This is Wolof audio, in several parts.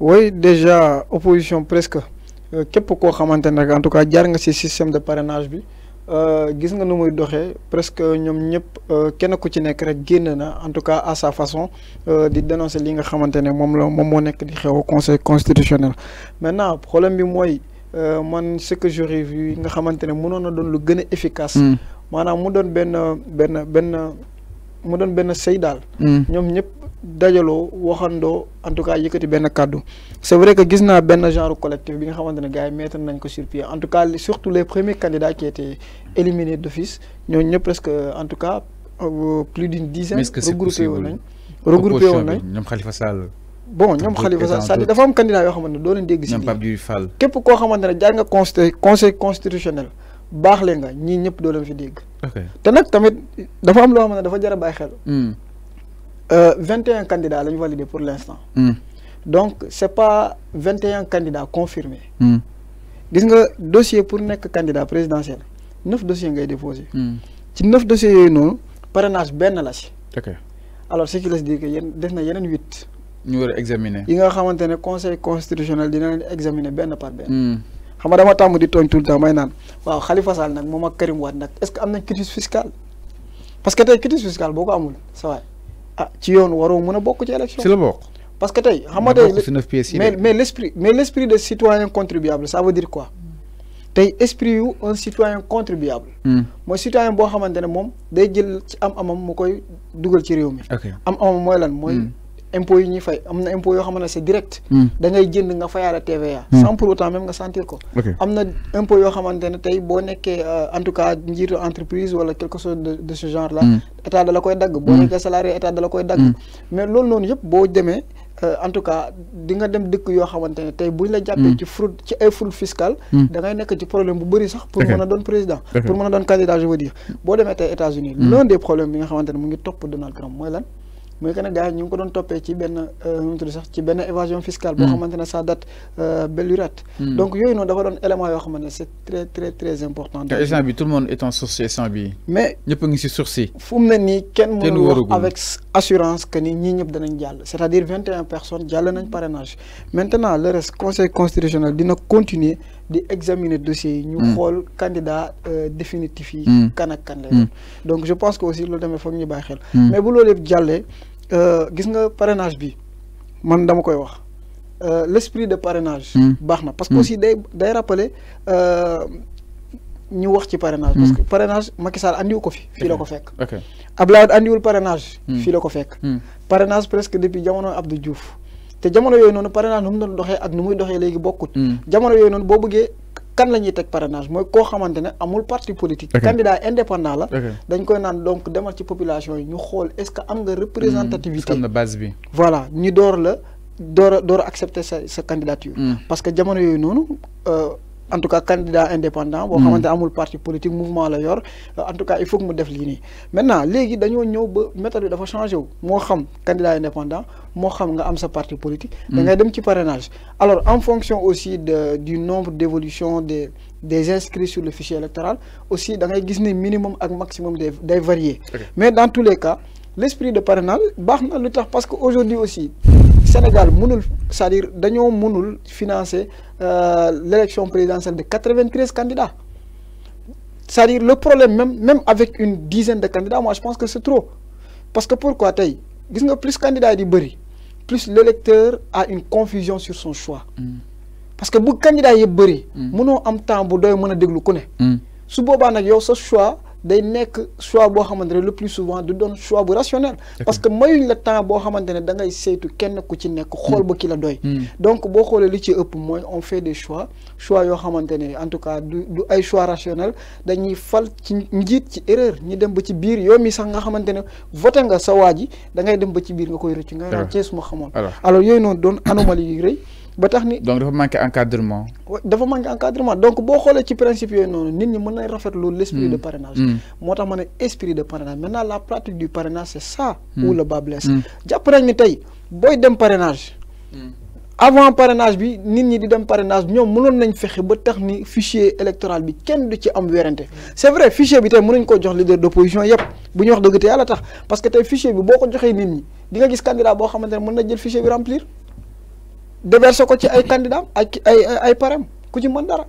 oui déjà opposition presque Qu'est-ce euh, pourquoi en tout cas système de parrainage bi euh, gis presque tous les gens, ci en tout cas à sa façon euh, dénoncer ce nga vous avez dit conseil constitutionnel maintenant problème ce que j'aurais vu nga na a efficace. Mm. maanaam mu doon Nous benn benn mu dajaloo waxandoo en tout cas yëkkati benn kàddu c' est que gis naa benn genre collectif bi nga xamante ne gars yi mettre nañ ko sur pied en tout cas surtout les premiers candidats qui étaient éliminés d' office ñooñu ñëpp presque en tout cas euh, plus d' une dizaine. regroupé woon nañ woon nañ ñoom xalifa Sall. bon ñoom xalifa Sall cest à dafa am candidat yoo xamante ne doo leen dégg. si lii ñoom képp koo xamante ne jaar nga conseil conseil constitutionnel baax le nga ñii ñëpp doo leen fi dégg. te nag tamit dafa am loo xamante ne dafa jar a bàyyi xel. Hmm. 21 euh, candidats l'ont validé pour l'instant. Hmm. Donc, ce n'est pas 21 candidats confirmés. Mm. Le dossier pour un candidat présidentiel, 9 dossiers ont déposés. Mm. 9 dossiers, non, parrainage ben la okay. Alors, ce qui laisse dire qu'il y en a 8. Nous allons examiner. Il y a un conseil constitutionnel qui examiner ben par ben. xam nga dama di tout le temps may Khalifa Sall Karim est-ce qu'il y a une crise fiscale parce que y a une crise fiscale. amul ah ci yoon waroo mën a bokk ci élection. si la bokk parce que tey xam nga tey mais mais l' esprit mais l' esprit de citoyen contribuable ça veut dire quoi tey esprit yu un citoyen contribuable. Hmm. mooy citoyen boo xamante ne moom day jël ci am-amam mu koy dugal ci réew mi. am-amam mooy lan mooy. Hmm. impôts yi ñuy fay am na impôts yoo xam ne c'est direct. Hmm. da ngay jënd nga fayaale TVA. Hmm. sans pour autant même nga sentir ko. am na impôts yoo xamante ne tey boo nekkee euh, en tout cas njiitu entreprise wala quelque chose de de ce genre là. Hmm. état da la koy dagg. boo nekkee salaire état da la koy dagg. mais loolu noonu yëpp boo demee euh, en tout cas di nga dem dëkk yo xamantene tay buñ la jappé ci fraude ci ay fraude fiscale. da ngay nek ci problème bu bëri sax. pour mëna don président. pour mëna don candidat je veux dire Bo démé tay États-Unis l'un des problèmes bi nga xamantene mu ngi top Donald Trump moy lan mooy que ne gars yi ñu ngi ko doon toppee ci ben nu mu tudd sax ci benn évasion fiscale. boo hmm. xamante ne ça date euh, bellurette. Hmm. donc yooyu noonu dafa doon élément yoo xamante ne c' est très très très important. te instant tout le monde est en sursis instant bi mais ñëpp a ngi si sursis. fu mu ne nii mënu avec assurance que ni ñii ñëpp danañ jàll. c' est à dire 21 et un personnes jàll nañ parrainage maintenant le reste conseil constitutionnel dina continuer di examiner dossier yi. ñu hmm. xool candidat euh, définitif yi. kan ak kan lay donc je pense que aussi loolu tamit foog ñu bàyyi xel. mais bu loolu yëpp jàllee. Euh, gis nga parrainage bi man dama koy wax Euh, l'esprit de parrainage. Hmm. baax parce que hmm. aussi day day rappeler euh, ñu wax ci parrainage. Hmm. parce que parrainage Macky Sall andiwu ko fi fi la ko fek. ok Abdoulaye parrainage. fii la ko fek. parrainage presque depuis jamono Abdou Diouf te jamono yoy non parrainage nu don doon doxee ak nu muy doxee léegi jamono yoy non bo bëggee kan lañuy tek teg parrainage mooy koo xamante amul parti politique. candidat indépendant la. dañ koy naan donc demal ci population ñu xol est-ce que am nga représentativité. Hmm, am na base bi. voilà ñu door la door a door accepter sa sa candidature. Hmm. parce que jamono nonu euh, en tout cas candidat indépendant bo hmm. amul parti politique mouvement la yor en tout cas il faut que mu def li maintenant les gens ñëw ba méthode bi dafa changé wu candidat indépendant Moi, xam nga sa parti politique hmm. da ngay dem ci parrainage alors en fonction aussi de du nombre d'évolution des des inscrits sur le fichier électoral aussi da ngay gis ni minimum ak maximum des variés mais dans tous les cas l'esprit de parrainage baxna parce que aujourd'hui aussi Sénégal c'est-à-dire dañoo mënul financer euh, l'élection présidentielle de 93 candidats c'est-à-dire le problème même même avec une dizaine de candidats moi je pense que c'est trop parce que pourquoi plus candidats candidat di plus l'électeur a une confusion sur son choix mm. parce que bu candidat yi est mënoo mm. am temps bu doy mëna déglu mm. su yow ce choix day nekk choix boo xamante ne le plus souvent du doon choix bu rationnel. parce que mayuñ la temps boo xamante ne da ngay saytu kenn ku ci nekk. xool ba ki la doy. Hmm. donc boo xoolee li ci ëpp mooy on fait des choix choix yoo xamante ne en tout cas du du ay choix rationnel dañuy fal ci njiit ci erreur ñu dem ba ci biir yow mi sax nga xamante ne voté nga sa waa ji da ngay dem ba ci biir nga koy rëcc. nga naan Cees ma xamoon alors yooyu noonu doon anomalie yu rëy. ba tax ni donc dafa manqué encadrement. dafa manqué encadrement donc boo xoolee ci principe yooyu noonu nit ñi mën nañ rafetlu l' esprit de mm. parrainage. Mm. moo tax ma esprit de parrainage maintenant la pratique du parrainage c'est ça. Mm. où le bât blesse. jàpp nañ ni tey booy dem parrainage. avant parrainage bi nit ñi di dem parrainage ñoom mënoon nañ fexe ba tax ni fichier électoral bi kenn du ci am wérante c' est vrai fichier bi tey mënuñ ko jox leader d'opposition, opposition yëpp bu ñu wax dëgg te yàlla tax parce que tey fichier bi boo ko joxee nit ñi di nga gis candidat boo xamante ne mën na jël fichier bi remplir déversé ko ci ay candidat ay ay ay param ku ci mën dara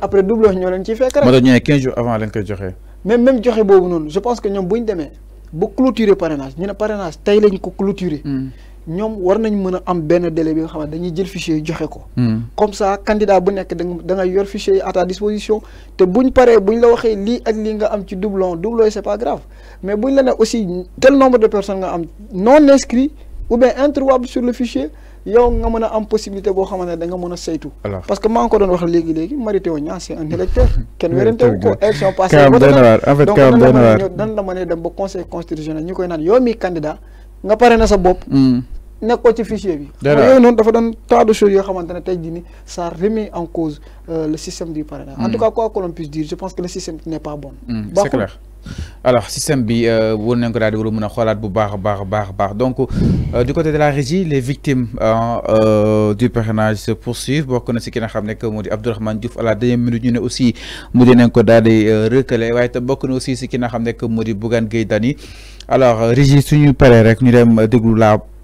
après double wax ñoleen ci ciy fekk rek. 15 jours avant lañ koy joxe. mais même joxe bobu non je pense que ñom buñ démé bu clôturer parrainage ñina ne parrainage tey lañ ko clôturer. Hmm. ñom war nañ mëna am ben délai bi nga xam dañuy jël fichier joxé ko. Hmm. comme ça candidat bu nekk da nga yor fichier à ta disposition te buñ paré buñ la waxé li ak li nga am ci doublon doublon c'est pas grave mais buñ la ne aussi tel nombre de personnes nga am non inscrit ou bien introuvable sur le fichier yow nga mën am possibilité bo xamantene da nga mën a saytu. parce que maa ngi ko don wax légui légui Mary Teuw Niane c'est un électeur. ken wérante ko élection passée. kaam doy na waar en donc nan la mën dem ba conseil constitutionnel ñu koy naan yow mi candidat nga paré na sa bop hmm nekkoo ci fichier bi. dëgg yooyu noonu dafa doon tas de choses yoo xamante ça remet en cause euh, le système du parrainage. en hmm. tout cas quoi que l'on puisse dire je pense que le système n'est pas bon. Hmm, c'est clair. alors système bi euh, wóor nañ ko daal di war a mën a bu baax baax baax baax donc euh, du côté de la régie les victimes hein, du parrainage se poursuivent bokk na ce ki n'a xam ne que moo di Abdourahmane Diouf à la deuxième minute ñu ne aussi mu dinañ ko daal di recalé te bokk na aussi si ki nga xam ne que Bougane alors régie suñu paree rek ñu dem déglu la.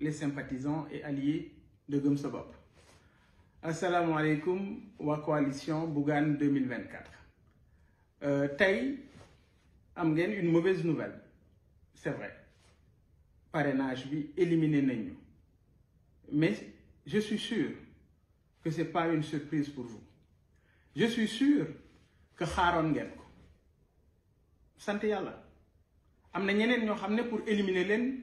les sympathisants et alliés de Gumsabop. Assalamu alaikum wa coalition Bougan 2024. Euh, Taï, une mauvaise nouvelle. C'est vrai. Parrainage, bi éliminé Nenyo. Mais je suis sûr que ce n'est pas une surprise pour vous. Je suis sûr que Haron Gemko. Santé Yala, Amnen am pour éliminer leen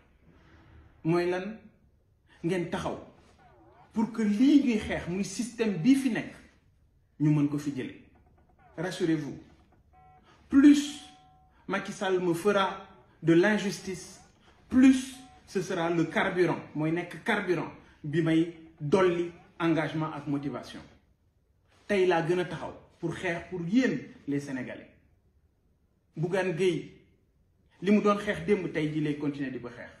mooy lan ngeen taxaw pour que li ñuy xeex muy système bi fi nek ñu mën ko fi jële rassurez-vous plus Macky Sall me fera de l'injustice plus ce sera le carburant moy nek carburant bi may dolli engagement ak motivation tay la gëna taxaw pour xeex pour yeen les Sénégalais Bougane Gueye li mu doon xeex démb tey ji lay continuer di ba xeex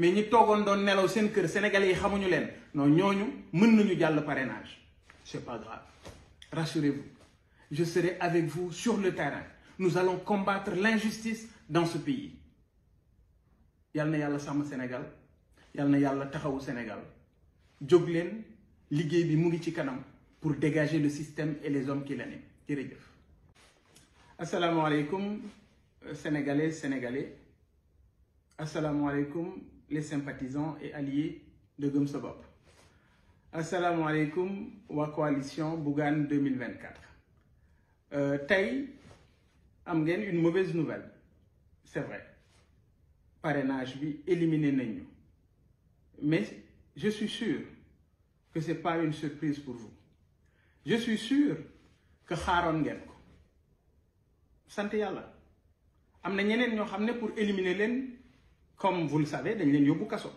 mais ñi togon doon nelaw seen kër sénégalais yi xamuñu leen non ñooñu mën nañu jàll parrainage c'est pas grave rassurez-vous je serai avec vous sur le terrain nous allons combattre l'injustice dans ce pays yal na yàlla sàmm Sénégal yal na yàlla taxawu Sénégal jóg leen liggéey bi mu ngi ci kanam pour dégager le système et les hommes qui l'animent jërëjëf asalaamaaleykum sénégalais sénégalais asalaamaaleykum les sympathisants et alliés de Gumsobop. Assalamu alaikum wa coalition Bougan 2024. Euh, Taï, amgen une mauvaise nouvelle. C'est vrai. Parrainage, oui, éliminé Nenyo. Mais je suis sûr que ce n'est pas une surprise pour vous. Je suis sûr que Haron Genko. Santé Yalla. Amna pour éliminer len comme vous le savez dañ leen kasso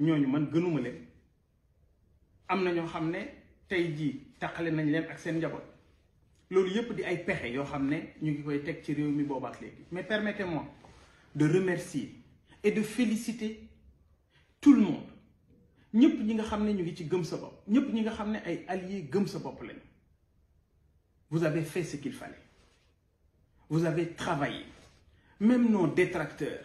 ñooñu man gënuma leen am na ñoo xam ne tey nañ mais permettez-moi de remercier et de féliciter tout le monde ñëpp ñi nga ñu ngi ci gëm sa ñëpp alliés vous avez fait ce qu'il fallait vous avez travaillé même nos détracteurs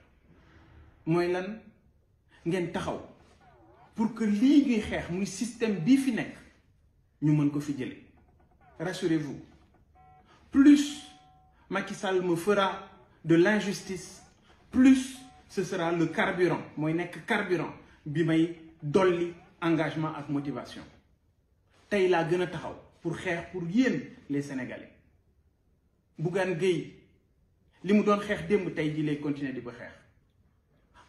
moy lan ngeen taxaw pour que li ñuy xeex muy système bi fi nekk ñu mën ko fi jële rassurez-vous plus Macky me fera de l'injustice plus ce sera le carburant mooy nekk carburant bi may dolli engagement ak motivation tey laa gën a taxaw pour xeex pour yéen les Sénégalais Bougane Gueye li mu doon xeex démb tey ji lay continuer di ba xeex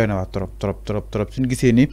doy na waa trop trop trop trop suñu gisee ni